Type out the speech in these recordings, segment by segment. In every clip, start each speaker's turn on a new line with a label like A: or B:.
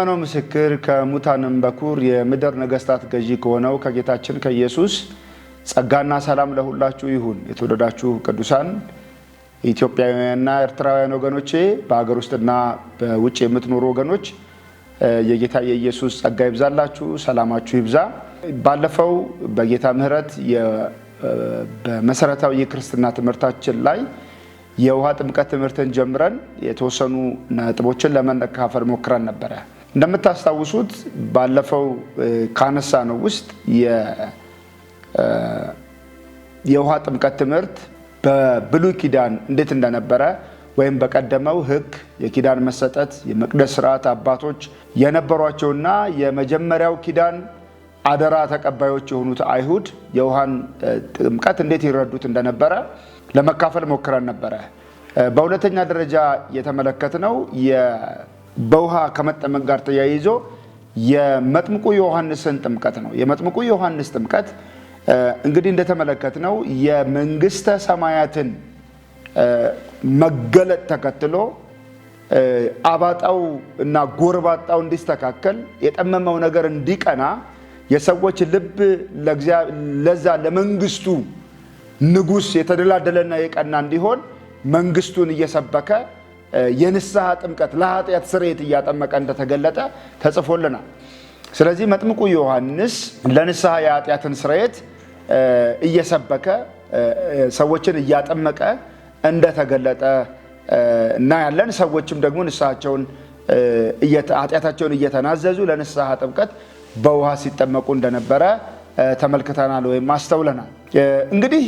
A: የታመነው ምስክር ከሙታንም በኩር የምድር ነገስታት ገዢ ከሆነው ከጌታችን ከኢየሱስ ጸጋና ሰላም ለሁላችሁ ይሁን። የተወደዳችሁ ቅዱሳን ኢትዮጵያውያንና ኤርትራውያን ወገኖቼ፣ በሀገር ውስጥና በውጭ የምትኖሩ ወገኖች የጌታ የኢየሱስ ጸጋ ይብዛላችሁ፣ ሰላማችሁ ይብዛ። ባለፈው በጌታ ምሕረት በመሰረታዊ የክርስትና ትምህርታችን ላይ የውሃ ጥምቀት ትምህርትን ጀምረን የተወሰኑ ነጥቦችን ለመነካፈል ሞክረን ነበረ። እንደምታስታውሱት ባለፈው ካነሳ ነው ውስጥ የውሃ ጥምቀት ትምህርት በብሉይ ኪዳን እንዴት እንደነበረ ወይም በቀደመው ሕግ የኪዳን መሰጠት የመቅደስ ስርዓት አባቶች የነበሯቸውና የመጀመሪያው ኪዳን አደራ ተቀባዮች የሆኑት አይሁድ የውሃን ጥምቀት እንዴት ይረዱት እንደነበረ ለመካፈል ሞክረን ነበረ። በሁለተኛ ደረጃ የተመለከትነው በውሃ ከመጠመቅ ጋር ተያይዞ የመጥምቁ ዮሐንስን ጥምቀት ነው። የመጥምቁ ዮሐንስ ጥምቀት እንግዲህ እንደተመለከትነው የመንግስተ ሰማያትን መገለጥ ተከትሎ አባጣው እና ጎርባጣው እንዲስተካከል የጠመመው ነገር እንዲቀና የሰዎች ልብ ለዛ ለመንግስቱ ንጉስ የተደላደለና የቀና እንዲሆን መንግስቱን እየሰበከ የንስሐ ጥምቀት ለኃጢአት ስርየት እያጠመቀ እንደተገለጠ ተጽፎልናል። ስለዚህ መጥምቁ ዮሐንስ ለንስሐ የኃጢአትን ስርየት እየሰበከ ሰዎችን እያጠመቀ እንደተገለጠ እናያለን። ሰዎችም ደግሞ ንስሐቸውን ኃጢአታቸውን እየተናዘዙ ለንስሐ ጥምቀት በውሃ ሲጠመቁ እንደነበረ ተመልክተናል ወይም አስተውለናል። እንግዲህ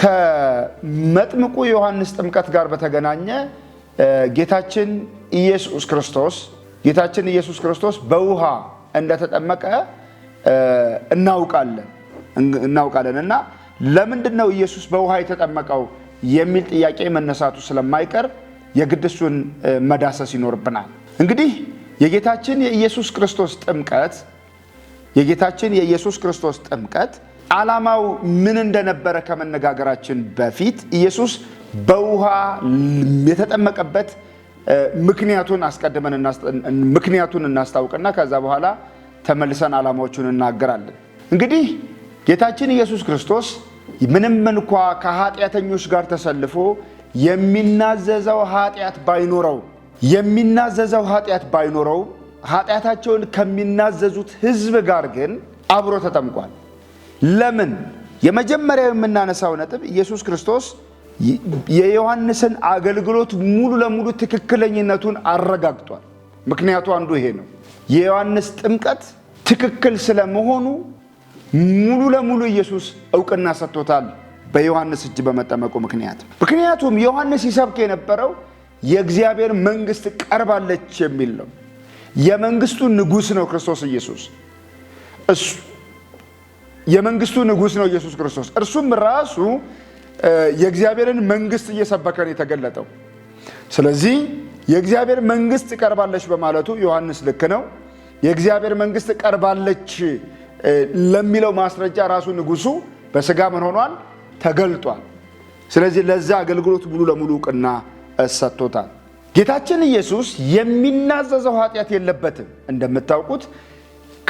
A: ከመጥምቁ ዮሐንስ ጥምቀት ጋር በተገናኘ ጌታችን ኢየሱስ ክርስቶስ ጌታችን ኢየሱስ ክርስቶስ በውሃ እንደተጠመቀ እናውቃለን እናውቃለን እና ለምንድን ነው ኢየሱስ በውሃ የተጠመቀው የሚል ጥያቄ መነሳቱ ስለማይቀር የግድሱን መዳሰስ ይኖርብናል። እንግዲህ የጌታችን የኢየሱስ ክርስቶስ ጥምቀት የጌታችን የኢየሱስ ክርስቶስ ጥምቀት ዓላማው ምን እንደነበረ ከመነጋገራችን በፊት ኢየሱስ በውሃ የተጠመቀበት ምክንያቱን አስቀድመን ምክንያቱን እናስታውቅና ከዛ በኋላ ተመልሰን ዓላማዎቹን እናገራለን። እንግዲህ ጌታችን ኢየሱስ ክርስቶስ ምንም እንኳ ከኃጢአተኞች ጋር ተሰልፎ የሚናዘዘው ኃጢአት ባይኖረው የሚናዘዘው ኃጢአት ባይኖረው ኃጢአታቸውን ከሚናዘዙት ሕዝብ ጋር ግን አብሮ ተጠምቋል። ለምን? የመጀመሪያው የምናነሳው ነጥብ ኢየሱስ ክርስቶስ የዮሐንስን አገልግሎት ሙሉ ለሙሉ ትክክለኝነቱን አረጋግጧል። ምክንያቱ አንዱ ይሄ ነው። የዮሐንስ ጥምቀት ትክክል ስለመሆኑ ሙሉ ለሙሉ ኢየሱስ እውቅና ሰጥቶታል፣ በዮሐንስ እጅ በመጠመቁ ምክንያት። ምክንያቱም ዮሐንስ ይሰብክ የነበረው የእግዚአብሔር መንግስት ቀርባለች የሚል ነው። የመንግስቱ ንጉሥ ነው ክርስቶስ ኢየሱስ። የመንግስቱ ንጉሥ ነው ኢየሱስ ክርስቶስ። እርሱም ራሱ የእግዚአብሔርን መንግስት እየሰበከ ነው የተገለጠው። ስለዚህ የእግዚአብሔር መንግስት ቀርባለች በማለቱ ዮሐንስ ልክ ነው። የእግዚአብሔር መንግስት ቀርባለች ለሚለው ማስረጃ ራሱ ንጉሱ በስጋ ምን ሆኗል? ተገልጧል። ስለዚህ ለዛ አገልግሎት ሙሉ ለሙሉ እውቅና ሰጥቶታል። ጌታችን ኢየሱስ የሚናዘዘው ኃጢአት የለበትም። እንደምታውቁት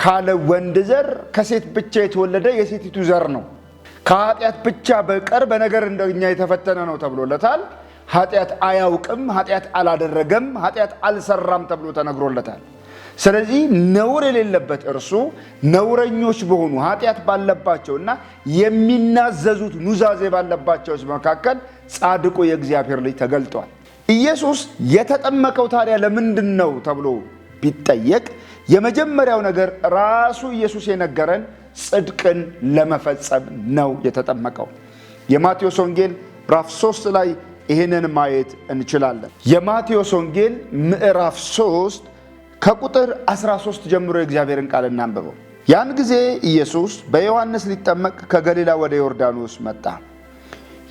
A: ካለ ወንድ ዘር ከሴት ብቻ የተወለደ የሴቲቱ ዘር ነው። ከኃጢአት ብቻ በቀር በነገር እንደኛ የተፈተነ ነው ተብሎለታል። ኃጢአት አያውቅም፣ ኃጢአት አላደረገም፣ ኃጢአት አልሰራም ተብሎ ተነግሮለታል። ስለዚህ ነውር የሌለበት እርሱ ነውረኞች በሆኑ ኃጢአት ባለባቸው እና የሚናዘዙት ኑዛዜ ባለባቸው መካከል ጻድቁ የእግዚአብሔር ልጅ ተገልጧል። ኢየሱስ የተጠመቀው ታዲያ ለምንድን ነው ተብሎ ቢጠየቅ የመጀመሪያው ነገር ራሱ ኢየሱስ የነገረን ጽድቅን ለመፈጸም ነው የተጠመቀው። የማቴዎስ ወንጌል ምዕራፍ 3 ላይ ይህንን ማየት እንችላለን። የማቴዎስ ወንጌል ምዕራፍ 3 ከቁጥር 13 ጀምሮ የእግዚአብሔርን ቃል እናንብበው። ያን ጊዜ ኢየሱስ በዮሐንስ ሊጠመቅ ከገሊላ ወደ ዮርዳኖስ መጣ።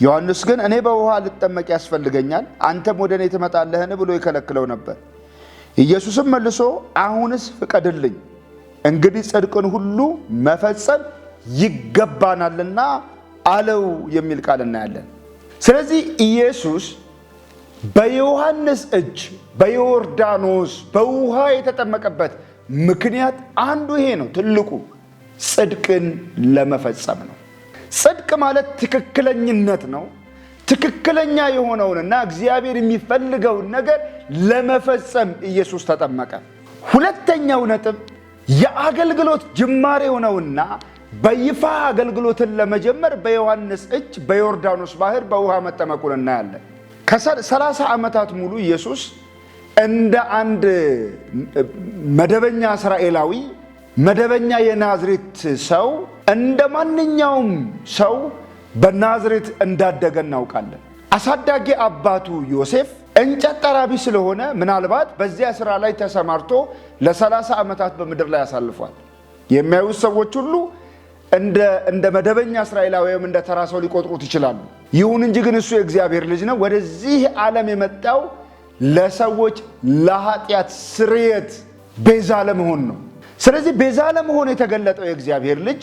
A: ዮሐንስ ግን እኔ በውሃ ልጠመቅ ያስፈልገኛል፣ አንተም ወደ እኔ ትመጣለህን? ብሎ ይከለክለው ነበር። ኢየሱስም መልሶ አሁንስ ፍቀድልኝ እንግዲህ ጽድቅን ሁሉ መፈጸም ይገባናልና አለው የሚል ቃል እናያለን። ስለዚህ ኢየሱስ በዮሐንስ እጅ በዮርዳኖስ በውሃ የተጠመቀበት ምክንያት አንዱ ይሄ ነው። ትልቁ ጽድቅን ለመፈጸም ነው። ጽድቅ ማለት ትክክለኝነት ነው። ትክክለኛ የሆነውንና እግዚአብሔር የሚፈልገውን ነገር ለመፈጸም ኢየሱስ ተጠመቀ። ሁለተኛው ነጥብ የአገልግሎት ጅማሬው ነውና በይፋ አገልግሎትን ለመጀመር በዮሐንስ እጅ በዮርዳኖስ ባህር በውሃ መጠመቁን እናያለን። ከሰላሳ ዓመታት ሙሉ ኢየሱስ እንደ አንድ መደበኛ እስራኤላዊ መደበኛ የናዝሬት ሰው እንደ ማንኛውም ሰው በናዝሬት እንዳደገ እናውቃለን። አሳዳጊ አባቱ ዮሴፍ እንጨት ጠራቢ ስለሆነ ምናልባት በዚያ ስራ ላይ ተሰማርቶ ለሰላሳ ዓመታት በምድር ላይ አሳልፏል። የሚያዩት ሰዎች ሁሉ እንደ መደበኛ እስራኤላዊ ወይም እንደ ተራ ሰው ሊቆጥሩት ይችላሉ። ይሁን እንጂ ግን እሱ የእግዚአብሔር ልጅ ነው። ወደዚህ ዓለም የመጣው ለሰዎች ለኃጢአት ስርየት ቤዛ ለመሆን ነው። ስለዚህ ቤዛ ለመሆን የተገለጠው የእግዚአብሔር ልጅ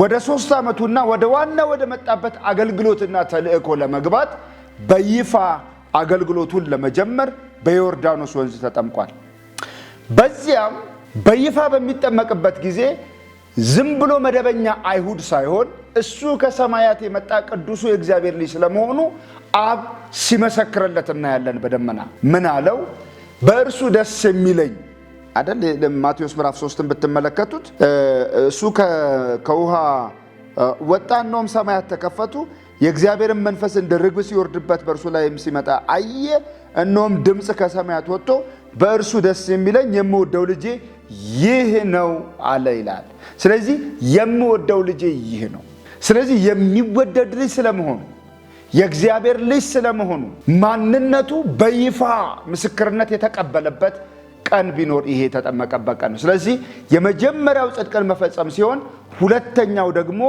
A: ወደ ሶስት ዓመቱና ወደ ዋና ወደ መጣበት አገልግሎትና ተልእኮ ለመግባት በይፋ አገልግሎቱን ለመጀመር በዮርዳኖስ ወንዝ ተጠምቋል። በዚያም በይፋ በሚጠመቅበት ጊዜ ዝም ብሎ መደበኛ አይሁድ ሳይሆን እሱ ከሰማያት የመጣ ቅዱሱ የእግዚአብሔር ልጅ ስለመሆኑ አብ ሲመሰክርለት እናያለን። በደመና ምን አለው? በእርሱ ደስ የሚለኝ አደል። ማቴዎስ ምዕራፍ ሶስትን ብትመለከቱት እሱ ከውሃ ወጣ፣ እነሆም ሰማያት ተከፈቱ የእግዚአብሔርን መንፈስ እንደ ርግብ ሲወርድበት በእርሱ ላይም ሲመጣ አየ። እነሆም ድምፅ ከሰማያት ወጥቶ በእርሱ ደስ የሚለኝ የምወደው ልጄ ይህ ነው አለ ይላል። ስለዚህ የምወደው ልጄ ይህ ነው። ስለዚህ የሚወደድ ልጅ ስለመሆኑ የእግዚአብሔር ልጅ ስለመሆኑ ማንነቱ በይፋ ምስክርነት የተቀበለበት ቀን ቢኖር ይሄ የተጠመቀበት ቀን ነው። ስለዚህ የመጀመሪያው ጽድቅን መፈጸም ሲሆን ሁለተኛው ደግሞ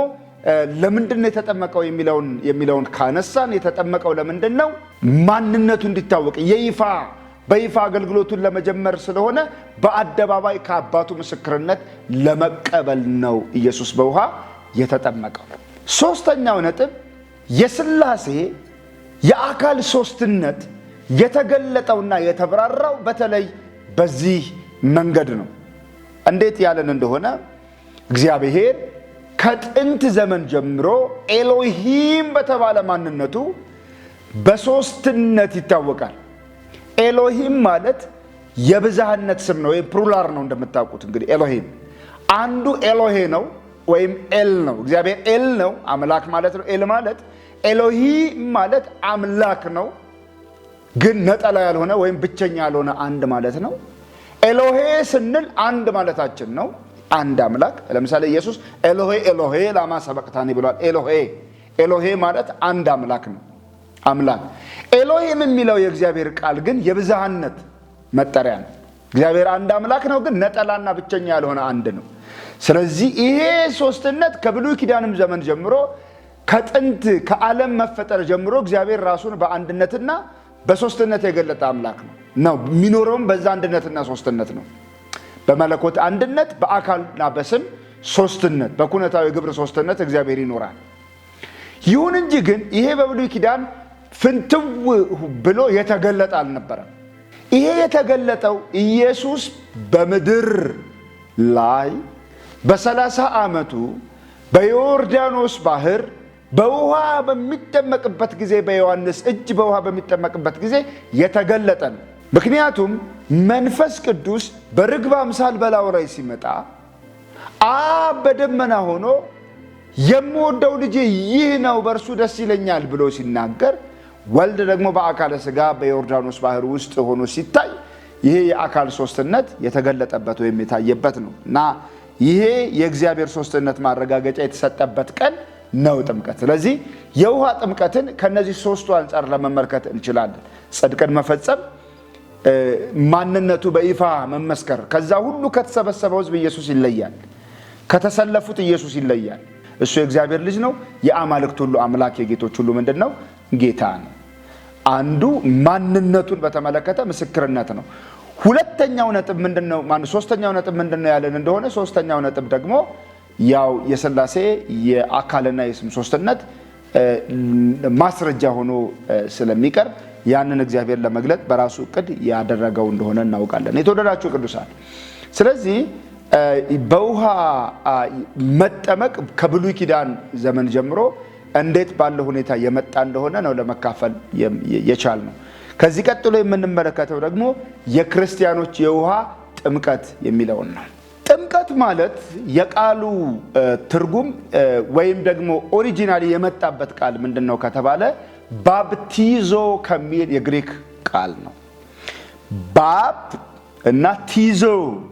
A: ለምንድን ነው የተጠመቀው የሚለውን የሚለውን ካነሳን የተጠመቀው ለምንድን ነው? ማንነቱ እንዲታወቅ የይፋ በይፋ አገልግሎቱን ለመጀመር ስለሆነ በአደባባይ ከአባቱ ምስክርነት ለመቀበል ነው ኢየሱስ በውሃ የተጠመቀው። ሶስተኛው ነጥብ የሥላሴ የአካል ሶስትነት የተገለጠውና የተብራራው በተለይ በዚህ መንገድ ነው። እንዴት ያለን እንደሆነ እግዚአብሔር ከጥንት ዘመን ጀምሮ ኤሎሂም በተባለ ማንነቱ በሶስትነት ይታወቃል። ኤሎሂም ማለት የብዛህነት ስም ነው ወይም ፕሩላር ነው። እንደምታውቁት እንግዲህ ኤሎሂም አንዱ ኤሎሄ ነው ወይም ኤል ነው። እግዚአብሔር ኤል ነው፣ አምላክ ማለት ነው። ኤል ማለት ኤሎሂ ማለት አምላክ ነው፣ ግን ነጠላ ያልሆነ ወይም ብቸኛ ያልሆነ አንድ ማለት ነው። ኤሎሄ ስንል አንድ ማለታችን ነው። አንድ አምላክ ለምሳሌ ኢየሱስ ኤሎሄ ኤሎሄ ላማ ሰበቅታኒ ብሏል። ኤሎሄ ኤሎሄ ማለት አንድ አምላክ ነው። አምላክ ኤሎሄም የሚለው የእግዚአብሔር ቃል ግን የብዝሃነት መጠሪያ ነው። እግዚአብሔር አንድ አምላክ ነው፣ ግን ነጠላና ብቸኛ ያልሆነ አንድ ነው። ስለዚህ ይሄ ሶስትነት ከብሉይ ኪዳንም ዘመን ጀምሮ ከጥንት ከዓለም መፈጠር ጀምሮ እግዚአብሔር ራሱን በአንድነትና በሶስትነት የገለጠ አምላክ ነው ነው የሚኖረውም በዛ አንድነትና ሶስትነት ነው። በመለኮት አንድነት በአካልና በስም ሶስትነት በኩነታዊ ግብር ሶስትነት እግዚአብሔር ይኖራል። ይሁን እንጂ ግን ይሄ በብሉይ ኪዳን ፍንትው ብሎ የተገለጠ አልነበረም። ይሄ የተገለጠው ኢየሱስ በምድር ላይ በሰላሳ ዓመቱ በዮርዳኖስ ባህር በውሃ በሚጠመቅበት ጊዜ በዮሐንስ እጅ በውሃ በሚጠመቅበት ጊዜ የተገለጠ ነው። ምክንያቱም መንፈስ ቅዱስ በርግብ አምሳል በላዩ ላይ ሲመጣ አብ በደመና ሆኖ የምወደው ልጄ ይህ ነው፣ በእርሱ ደስ ይለኛል ብሎ ሲናገር ወልድ ደግሞ በአካለ ስጋ በዮርዳኖስ ባህር ውስጥ ሆኖ ሲታይ ይሄ የአካል ሶስትነት የተገለጠበት ወይም የታየበት ነው እና ይሄ የእግዚአብሔር ሶስትነት ማረጋገጫ የተሰጠበት ቀን ነው ጥምቀት። ስለዚህ የውሃ ጥምቀትን ከነዚህ ሶስቱ አንጻር ለመመልከት እንችላለን። ጽድቅን መፈጸም ማንነቱ በይፋ መመስከር። ከዛ ሁሉ ከተሰበሰበው ህዝብ ኢየሱስ ይለያል። ከተሰለፉት ኢየሱስ ይለያል። እሱ የእግዚአብሔር ልጅ ነው፣ የአማልክት ሁሉ አምላክ፣ የጌቶች ሁሉ ምንድን ነው? ጌታ ነው። አንዱ ማንነቱን በተመለከተ ምስክርነት ነው። ሁለተኛው ነጥብ ምንድነው? ማን ሶስተኛው ነጥብ ምንድነው ያለን እንደሆነ ሶስተኛው ነጥብ ደግሞ ያው የስላሴ የአካልና የስም ሶስትነት ማስረጃ ሆኖ ስለሚቀርብ ያንን እግዚአብሔር ለመግለጥ በራሱ እቅድ ያደረገው እንደሆነ እናውቃለን። የተወደዳችሁ ቅዱሳን፣ ስለዚህ በውሃ መጠመቅ ከብሉይ ኪዳን ዘመን ጀምሮ እንዴት ባለ ሁኔታ የመጣ እንደሆነ ነው ለመካፈል የቻል ነው። ከዚህ ቀጥሎ የምንመለከተው ደግሞ የክርስቲያኖች የውሃ ጥምቀት የሚለውን ነው። ጥምቀት ማለት የቃሉ ትርጉም ወይም ደግሞ ኦሪጂናሊ የመጣበት ቃል ምንድን ነው ከተባለ ባብቲዞ ከሚል የግሪክ ቃል ነው። ባብ እና ቲዞ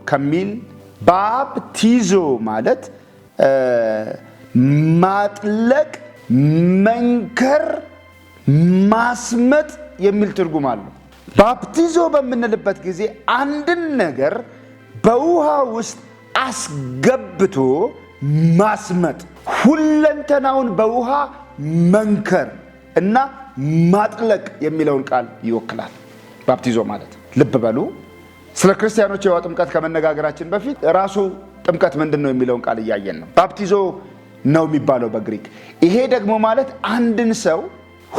A: ከሚል ባብቲዞ ማለት ማጥለቅ፣ መንከር፣ ማስመጥ የሚል ትርጉም አለው። ባብቲዞ በምንልበት ጊዜ አንድን ነገር በውሃ ውስጥ አስገብቶ ማስመጥ፣ ሁለንተናውን በውሃ መንከር እና ማጥለቅ የሚለውን ቃል ይወክላል ባፕቲዞ ማለት። ልብ በሉ ስለ ክርስቲያኖች የውሃ ጥምቀት ከመነጋገራችን በፊት ራሱ ጥምቀት ምንድን ነው የሚለውን ቃል እያየን ነው። ባፕቲዞ ነው የሚባለው በግሪክ። ይሄ ደግሞ ማለት አንድን ሰው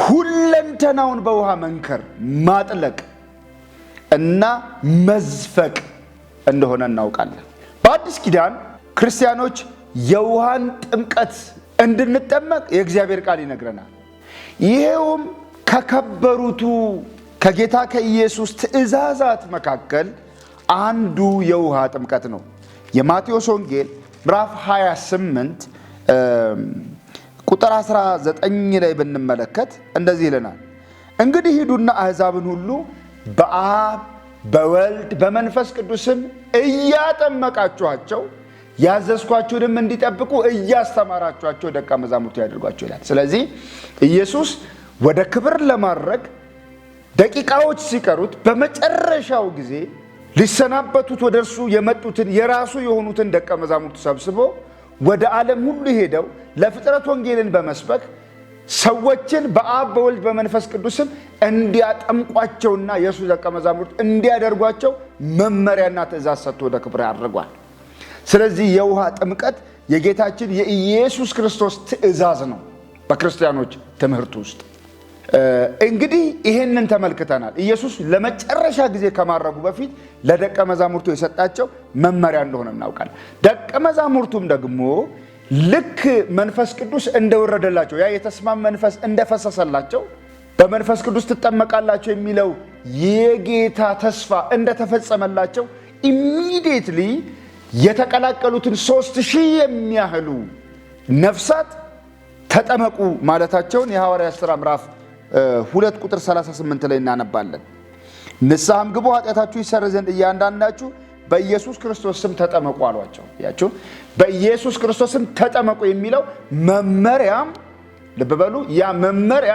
A: ሁለንተናውን በውሃ መንከር፣ ማጥለቅ እና መዝፈቅ እንደሆነ እናውቃለን። በአዲስ ኪዳን ክርስቲያኖች የውሃን ጥምቀት እንድንጠመቅ የእግዚአብሔር ቃል ይነግረናል። ይሄውም ከከበሩቱ ከጌታ ከኢየሱስ ትእዛዛት መካከል አንዱ የውሃ ጥምቀት ነው። የማቴዎስ ወንጌል ምዕራፍ 28 ቁጥር 19 ላይ ብንመለከት እንደዚህ ይለናል፣ እንግዲህ ሂዱና አሕዛብን ሁሉ በአብ በወልድ በመንፈስ ቅዱስም እያጠመቃችኋቸው ያዘዝኳችሁንም እንዲጠብቁ እያስተማራችኋቸው ደቀ መዛሙርቱ ያደርጓቸው ይላል። ስለዚህ ኢየሱስ ወደ ክብር ለማድረግ ደቂቃዎች ሲቀሩት በመጨረሻው ጊዜ ሊሰናበቱት ወደ እርሱ የመጡትን የራሱ የሆኑትን ደቀ መዛሙርቱ ሰብስቦ ወደ ዓለም ሁሉ ሄደው ለፍጥረት ወንጌልን በመስበክ ሰዎችን በአብ በወልድ በመንፈስ ቅዱስም እንዲያጠምቋቸውና የእሱ ደቀ መዛሙርት እንዲያደርጓቸው መመሪያና ትእዛዝ ሰጥቶ ወደ ክብር አድርጓል። ስለዚህ የውሃ ጥምቀት የጌታችን የኢየሱስ ክርስቶስ ትእዛዝ ነው በክርስቲያኖች ትምህርት ውስጥ። እንግዲህ ይሄንን ተመልክተናል። ኢየሱስ ለመጨረሻ ጊዜ ከማረጉ በፊት ለደቀ መዛሙርቱ የሰጣቸው መመሪያ እንደሆነ እናውቃል። ደቀ መዛሙርቱም ደግሞ ልክ መንፈስ ቅዱስ እንደወረደላቸው ያ የተስማም መንፈስ እንደፈሰሰላቸው በመንፈስ ቅዱስ ትጠመቃላቸው የሚለው የጌታ ተስፋ እንደተፈጸመላቸው ኢሚዲየትሊ የተቀላቀሉትን ሶስት ሺህ የሚያህሉ ነፍሳት ተጠመቁ ማለታቸውን የሐዋርያት ሥራ ምዕራፍ ሁለት ቁጥር 38 ላይ እናነባለን። ንስሐም ግቡ ኃጢአታችሁ ይሰረ ዘንድ እያንዳንዳችሁ በኢየሱስ ክርስቶስ ስም ተጠመቁ አሏቸው። ያችሁ በኢየሱስ ክርስቶስ ስም ተጠመቁ የሚለው መመሪያም ልብ በሉ። ያ መመሪያ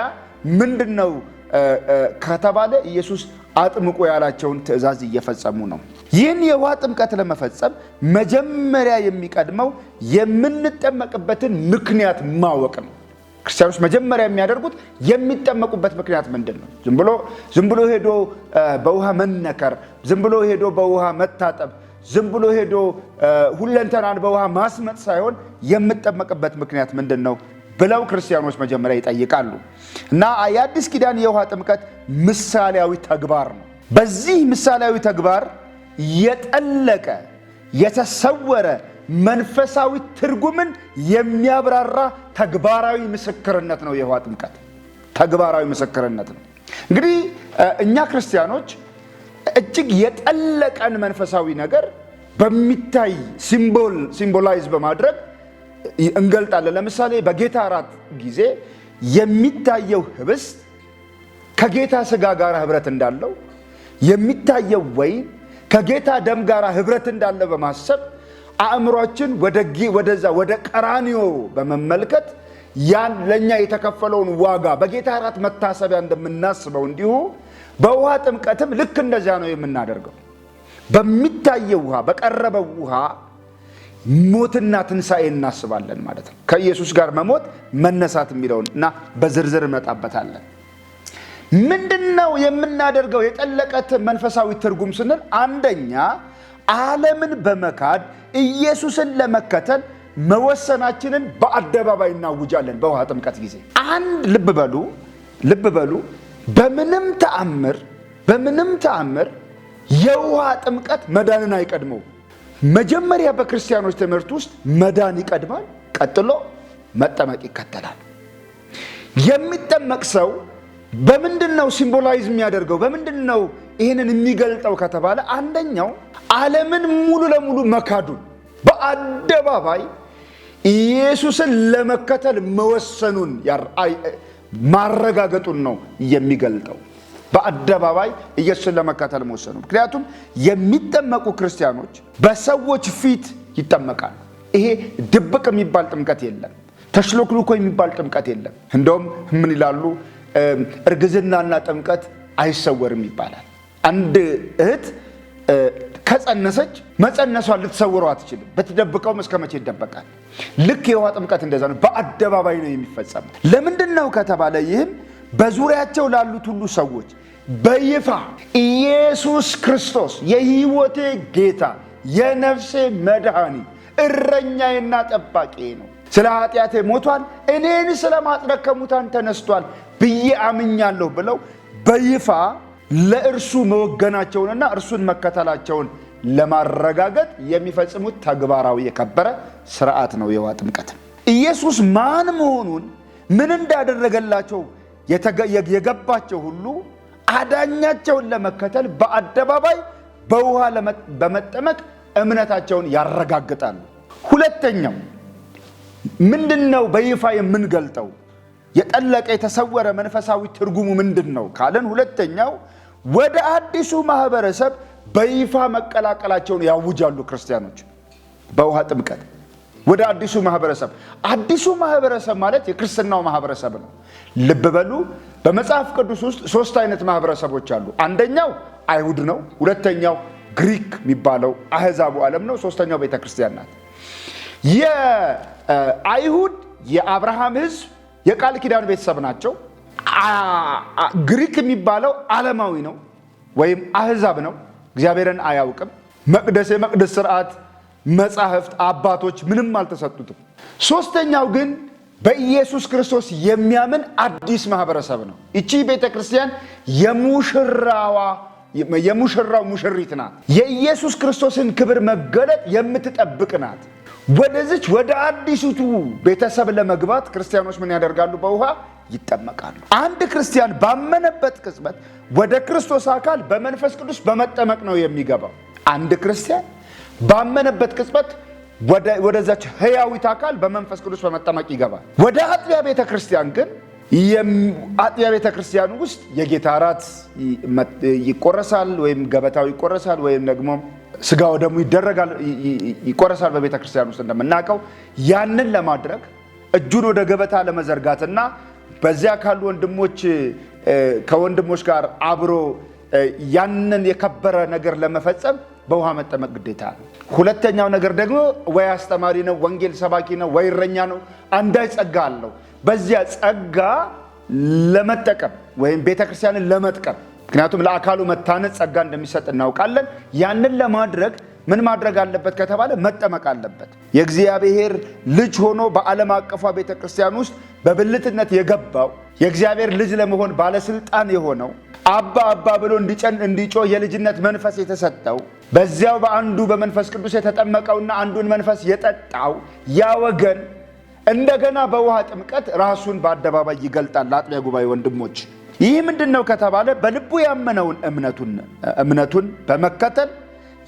A: ምንድን ነው ከተባለ ኢየሱስ አጥምቁ ያላቸውን ትእዛዝ እየፈጸሙ ነው። ይህን የውሃ ጥምቀት ለመፈጸም መጀመሪያ የሚቀድመው የምንጠመቅበትን ምክንያት ማወቅ ነው። ክርስቲያኖች መጀመሪያ የሚያደርጉት የሚጠመቁበት ምክንያት ምንድን ነው? ዝም ብሎ ዝም ብሎ ሄዶ በውሃ መነከር፣ ዝም ብሎ ሄዶ በውሃ መታጠብ፣ ዝም ብሎ ሄዶ ሁለንተናን በውሃ ማስመጥ ሳይሆን የምጠመቅበት ምክንያት ምንድን ነው ብለው ክርስቲያኖች መጀመሪያ ይጠይቃሉ። እና የአዲስ ኪዳን የውሃ ጥምቀት ምሳሌያዊ ተግባር ነው። በዚህ ምሳሌያዊ ተግባር የጠለቀ የተሰወረ መንፈሳዊ ትርጉምን የሚያብራራ ተግባራዊ ምስክርነት ነው የውሃ ጥምቀት። ተግባራዊ ምስክርነት ነው። እንግዲህ እኛ ክርስቲያኖች እጅግ የጠለቀን መንፈሳዊ ነገር በሚታይ ሲምቦል ሲምቦላይዝ በማድረግ እንገልጣለን። ለምሳሌ በጌታ እራት ጊዜ የሚታየው ህብስት ከጌታ ስጋ ጋር ህብረት እንዳለው የሚታየው ወይን ከጌታ ደም ጋር ህብረት እንዳለ በማሰብ አእምሯችን ወደዛ ወደ ቀራኒዮ በመመልከት ያን ለእኛ የተከፈለውን ዋጋ በጌታ አራት መታሰቢያ እንደምናስበው እንዲሁ በውሃ ጥምቀትም ልክ እንደዚያ ነው የምናደርገው። በሚታየው ውሃ፣ በቀረበው ውሃ ሞትና ትንሣኤ እናስባለን ማለት ነው። ከኢየሱስ ጋር መሞት መነሳት የሚለውን እና በዝርዝር እመጣበታለን። ምንድን ነው የምናደርገው? የጠለቀት መንፈሳዊ ትርጉም ስንል አንደኛ ዓለምን በመካድ ኢየሱስን ለመከተል መወሰናችንን በአደባባይ እናውጃለን። በውሃ ጥምቀት ጊዜ አንድ ልብ በሉ ልብ በሉ፣ በምንም ተአምር በምንም ተአምር የውሃ ጥምቀት መዳንን አይቀድመው። መጀመሪያ በክርስቲያኖች ትምህርት ውስጥ መዳን ይቀድማል፣ ቀጥሎ መጠመቅ ይከተላል። የሚጠመቅ ሰው በምንድን ነው ሲምቦላይዝ የሚያደርገው? በምንድን ነው ይህንን የሚገልጠው ከተባለ አንደኛው ዓለምን ሙሉ ለሙሉ መካዱን በአደባባይ ኢየሱስን ለመከተል መወሰኑን ማረጋገጡን ነው የሚገልጠው። በአደባባይ ኢየሱስን ለመከተል መወሰኑ። ምክንያቱም የሚጠመቁ ክርስቲያኖች በሰዎች ፊት ይጠመቃል። ይሄ ድብቅ የሚባል ጥምቀት የለም። ተሽሎክልኮ የሚባል ጥምቀት የለም። እንደውም ምን ይላሉ? እርግዝናና ጥምቀት አይሰወርም ይባላል። አንድ እህት ከጸነሰች መጸነሷን ልትሰውረው አትችልም። በተደብቀውም እስከ መቼ ይደበቃል? ልክ የውሃ ጥምቀት እንደዛ ነው። በአደባባይ ነው የሚፈጸመው። ለምንድን ነው ከተባለ ይህም በዙሪያቸው ላሉት ሁሉ ሰዎች በይፋ ኢየሱስ ክርስቶስ የሕይወቴ ጌታ የነፍሴ መድኃኒት እረኛዬና ጠባቂ ነው፣ ስለ ኃጢአቴ ሞቷል፣ እኔን ስለ ማጽደቅ ከሙታን ተነስቷል፣ ብዬ አምኛለሁ ብለው በይፋ ለእርሱ መወገናቸውንና እርሱን መከተላቸውን ለማረጋገጥ የሚፈጽሙት ተግባራዊ የከበረ ስርዓት ነው የውሃ ጥምቀት። ኢየሱስ ማን መሆኑን ምን እንዳደረገላቸው የገባቸው ሁሉ አዳኛቸውን ለመከተል በአደባባይ በውሃ በመጠመቅ እምነታቸውን ያረጋግጣሉ። ሁለተኛው ምንድን ነው? በይፋ የምንገልጠው የጠለቀ የተሰወረ መንፈሳዊ ትርጉሙ ምንድን ነው ካለን፣ ሁለተኛው ወደ አዲሱ ማህበረሰብ በይፋ መቀላቀላቸውን ያውጃሉ ክርስቲያኖች በውሃ ጥምቀት ወደ አዲሱ ማህበረሰብ። አዲሱ ማህበረሰብ ማለት የክርስትናው ማህበረሰብ ነው። ልብ በሉ። በመጽሐፍ ቅዱስ ውስጥ ሶስት አይነት ማህበረሰቦች አሉ። አንደኛው አይሁድ ነው። ሁለተኛው ግሪክ የሚባለው አህዛቡ ዓለም ነው። ሶስተኛው ቤተክርስቲያን ናት። የአይሁድ የአብርሃም ህዝብ የቃል ኪዳን ቤተሰብ ናቸው። ግሪክ የሚባለው ዓለማዊ ነው ወይም አህዛብ ነው። እግዚአብሔርን አያውቅም። መቅደስ፣ የመቅደስ ስርዓት፣ መጻሕፍት፣ አባቶች ምንም አልተሰጡትም። ሶስተኛው ግን በኢየሱስ ክርስቶስ የሚያምን አዲስ ማህበረሰብ ነው። ይቺ ቤተ ክርስቲያን የሙሽራዋ የሙሽራው ሙሽሪት ናት። የኢየሱስ ክርስቶስን ክብር መገለጥ የምትጠብቅ ናት። ወደዚች ወደ አዲሱቱ ቤተሰብ ለመግባት ክርስቲያኖች ምን ያደርጋሉ? በውሃ ይጠመቃሉ። አንድ ክርስቲያን ባመነበት ቅጽበት ወደ ክርስቶስ አካል በመንፈስ ቅዱስ በመጠመቅ ነው የሚገባው። አንድ ክርስቲያን ባመነበት ቅጽበት ወደዛች ህያዊት አካል በመንፈስ ቅዱስ በመጠመቅ ይገባል። ወደ አጥቢያ ቤተ ክርስቲያን ግን አጥቢያ ቤተ ክርስቲያን ውስጥ የጌታ እራት ይቆረሳል፣ ወይም ገበታው ይቆረሳል፣ ወይም ደግሞ ስጋው ደግሞ ይደረጋል፣ ይቆረሳል በቤተ ክርስቲያን ውስጥ እንደምናውቀው። ያንን ለማድረግ እጁን ወደ ገበታ ለመዘርጋትና በዚያ ካሉ ወንድሞች ከወንድሞች ጋር አብሮ ያንን የከበረ ነገር ለመፈጸም በውሃ መጠመቅ ግዴታ ነው። ሁለተኛው ነገር ደግሞ ወይ አስተማሪ ነው፣ ወንጌል ሰባኪ ነው፣ ወይ እረኛ ነው። አንዳይ ጸጋ አለው። በዚያ ጸጋ ለመጠቀም ወይም ቤተክርስቲያንን ለመጥቀም ምክንያቱም ለአካሉ መታነጽ ጸጋ እንደሚሰጥ እናውቃለን። ያንን ለማድረግ ምን ማድረግ አለበት ከተባለ መጠመቅ አለበት። የእግዚአብሔር ልጅ ሆኖ በዓለም አቀፏ ቤተ ክርስቲያን ውስጥ በብልትነት የገባው የእግዚአብሔር ልጅ ለመሆን ባለስልጣን የሆነው አባ አባ ብሎ እንዲጨን እንዲጮ የልጅነት መንፈስ የተሰጠው በዚያው በአንዱ በመንፈስ ቅዱስ የተጠመቀውና አንዱን መንፈስ የጠጣው ያ ወገን እንደገና በውሃ ጥምቀት ራሱን በአደባባይ ይገልጣል። ለአጥቢያ ጉባኤ ወንድሞች ይህ ምንድን ነው ከተባለ በልቡ ያመነውን እምነቱን በመከተል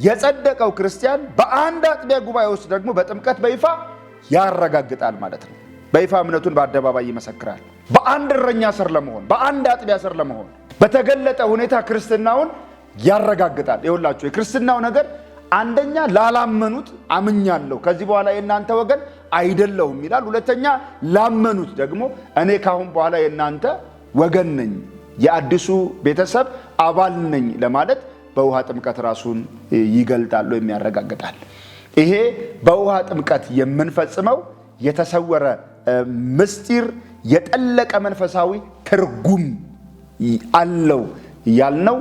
A: የጸደቀው ክርስቲያን በአንድ አጥቢያ ጉባኤ ውስጥ ደግሞ በጥምቀት በይፋ ያረጋግጣል ማለት ነው። በይፋ እምነቱን በአደባባይ ይመሰክራል። በአንድ እረኛ ስር ለመሆን በአንድ አጥቢያ ስር ለመሆን በተገለጠ ሁኔታ ክርስትናውን ያረጋግጣል። ይኸውላችሁ የክርስትናው ነገር አንደኛ ላላመኑት አምኛለሁ፣ ከዚህ በኋላ የእናንተ ወገን አይደለሁም ይላል። ሁለተኛ ላመኑት ደግሞ እኔ ካሁን በኋላ የእናንተ ወገን ነኝ፣ የአዲሱ ቤተሰብ አባል ነኝ ለማለት በውሃ ጥምቀት ራሱን ይገልጣል ወይም ያረጋግጣል። ይሄ በውሃ ጥምቀት የምንፈጽመው የተሰወረ ምስጢር የጠለቀ መንፈሳዊ ትርጉም አለው ያልነው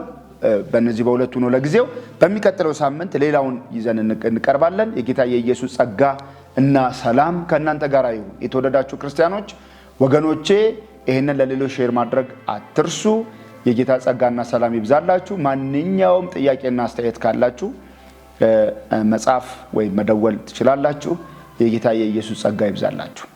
A: በእነዚህ በሁለቱ ነው ለጊዜው። በሚቀጥለው ሳምንት ሌላውን ይዘን እንቀርባለን። የጌታ የኢየሱስ ጸጋ እና ሰላም ከእናንተ ጋር ይሁን። የተወደዳችሁ ክርስቲያኖች ወገኖቼ ይህንን ለሌሎች ሼር ማድረግ አትርሱ። የጌታ ጸጋና ሰላም ይብዛላችሁ። ማንኛውም ጥያቄና አስተያየት ካላችሁ መጻፍ ወይም መደወል ትችላላችሁ። የጌታ የኢየሱስ ጸጋ ይብዛላችሁ።